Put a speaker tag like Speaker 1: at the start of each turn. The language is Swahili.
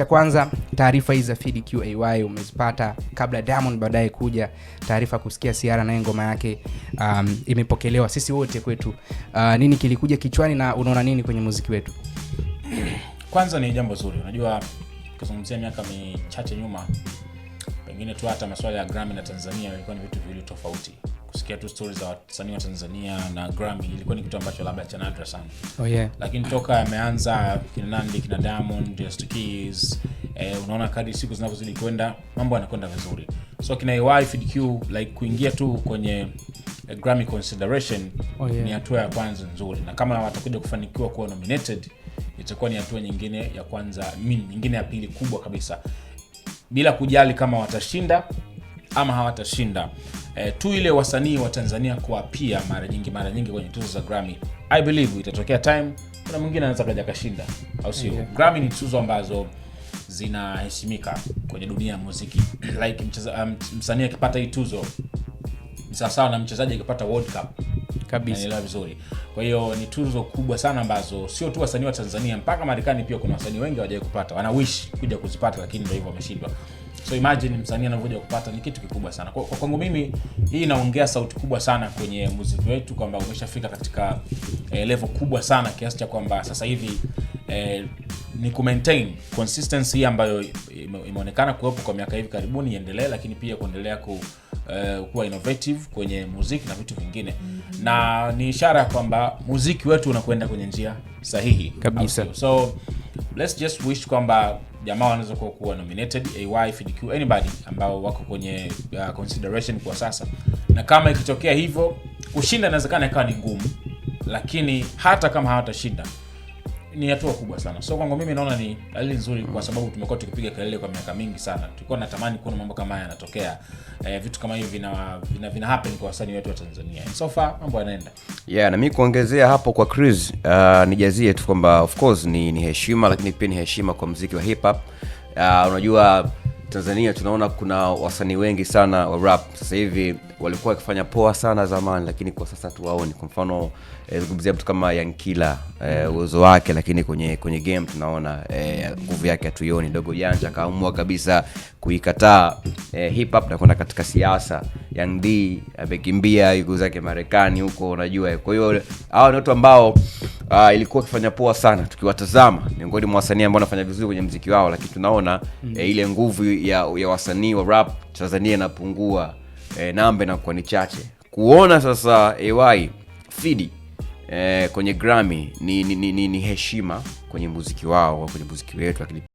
Speaker 1: Cha kwanza, taarifa hizi za Fid QAY umezipata kabla Diamond baadaye kuja taarifa kusikia siara naye ngoma yake um, imepokelewa sisi wote kwetu. Uh, nini kilikuja kichwani na unaona nini kwenye muziki wetu?
Speaker 2: Kwanza ni jambo zuri, unajua kuzungumzia miaka michache nyuma, pengine tu hata masuala ya Grammy na Tanzania yalikuwa ni vitu viwili tofauti kusikia tu stori za wasanii wa Tanzania na Grammy ilikuwa ni kitu ambacho labda cha nadra sana. Oh, yeah. Lakini toka ameanza kinanandi kina Diamond, Just eh, unaona kadi siku zinavyozidi kwenda mambo yanakwenda vizuri. So kina like kuingia tu kwenye eh, Grammy consideration oh, yeah. Ni hatua ya kwanza nzuri na kama watakuja kufanikiwa kuwa nominated itakuwa ni hatua nyingine ya kwanza, nyingine ya pili kubwa kabisa bila kujali kama watashinda ama hawatashinda eh, tu ile wasanii wa Tanzania kuapia mara nyingi mara nyingi kwenye tuzo za Grammy. I believe itatokea time kuna mwingine anaweza kaja kashinda, au sio? Yeah. Grammy ni tuzo ambazo zinaheshimika kwenye dunia ya muziki like um, msanii akipata hii tuzo sawasawa na mchezaji akipata World Cup kabisa vizuri. Kwa hiyo ni tuzo kubwa sana ambazo sio tu wasanii wa Tanzania, mpaka Marekani pia kuna wasanii wengi hawajawahi kupata, wana wish kuja kuzipata, lakini ndio hivyo wameshindwa. So imagine msanii anavyoja kupata ni kitu kikubwa sana. Kwa kwangu mimi hii inaongea sauti kubwa sana kwenye muziki wetu kwamba umeshafika katika eh, level kubwa sana kiasi cha kwamba sasa hivi eh, ni ku consistency hii ambayo imeonekana kuwepo kwa miaka hivi karibuni iendelee, lakini pia kuendelea ku Uh, kuwa innovative kwenye muziki na vitu vingine mm -hmm. Na ni ishara ya kwamba muziki wetu unakwenda kwenye njia sahihi kabisa. So let's just wish kwamba jamaa wanaweza kuwa kuwa nominated AY, FDQ, anybody ambao wako kwenye uh, consideration kwa sasa, na kama ikitokea hivyo kushinda inawezekana ikawa ni ngumu, lakini hata kama hawatashinda ni hatua kubwa sana. So kwangu mimi naona ni dalili nzuri, kwa sababu tumekuwa tukipiga kelele kwa miaka mingi sana, tulikuwa natamani kuona mambo kama haya yanatokea eh, vitu kama hivi vina, vina, vina happen kwa wasanii wetu wa Tanzania. So far mambo yanaenda.
Speaker 3: Yeah, na mimi kuongezea hapo kwa Chris uh, nijazie tu kwamba of course ni, ni heshima lakini pia ni heshima kwa mziki wa hip hop. Uh, unajua Tanzania tunaona kuna wasanii wengi sana wa rap sasa hivi walikuwa wakifanya poa sana zamani, lakini kwa sasa tuwaoni. Kwa mfano eh, zungumzia eh, mtu kama Yankila eh, mm. uwezo wake, lakini kwenye kwenye game tunaona eh, nguvu eh, yake hatuioni. Dogo Janja akaamua kabisa kuikataa eh, hip hop na kuenda katika siasa. yangd amekimbia yuko zake Marekani huko, unajua. Kwa hiyo hawa ni watu ambao uh, ilikuwa ikifanya poa sana tukiwatazama, miongoni mwa wasanii ambao wanafanya vizuri kwenye mziki wao, lakini tunaona mm. eh, ile nguvu ya, ya wasanii wa rap Tanzania inapungua eh, namba inakuwa ni chache. Kuona sasa AY Fidi eh, kwenye Grammy ni, ni, ni, ni, ni heshima kwenye muziki wao, kwenye muziki wetu lakini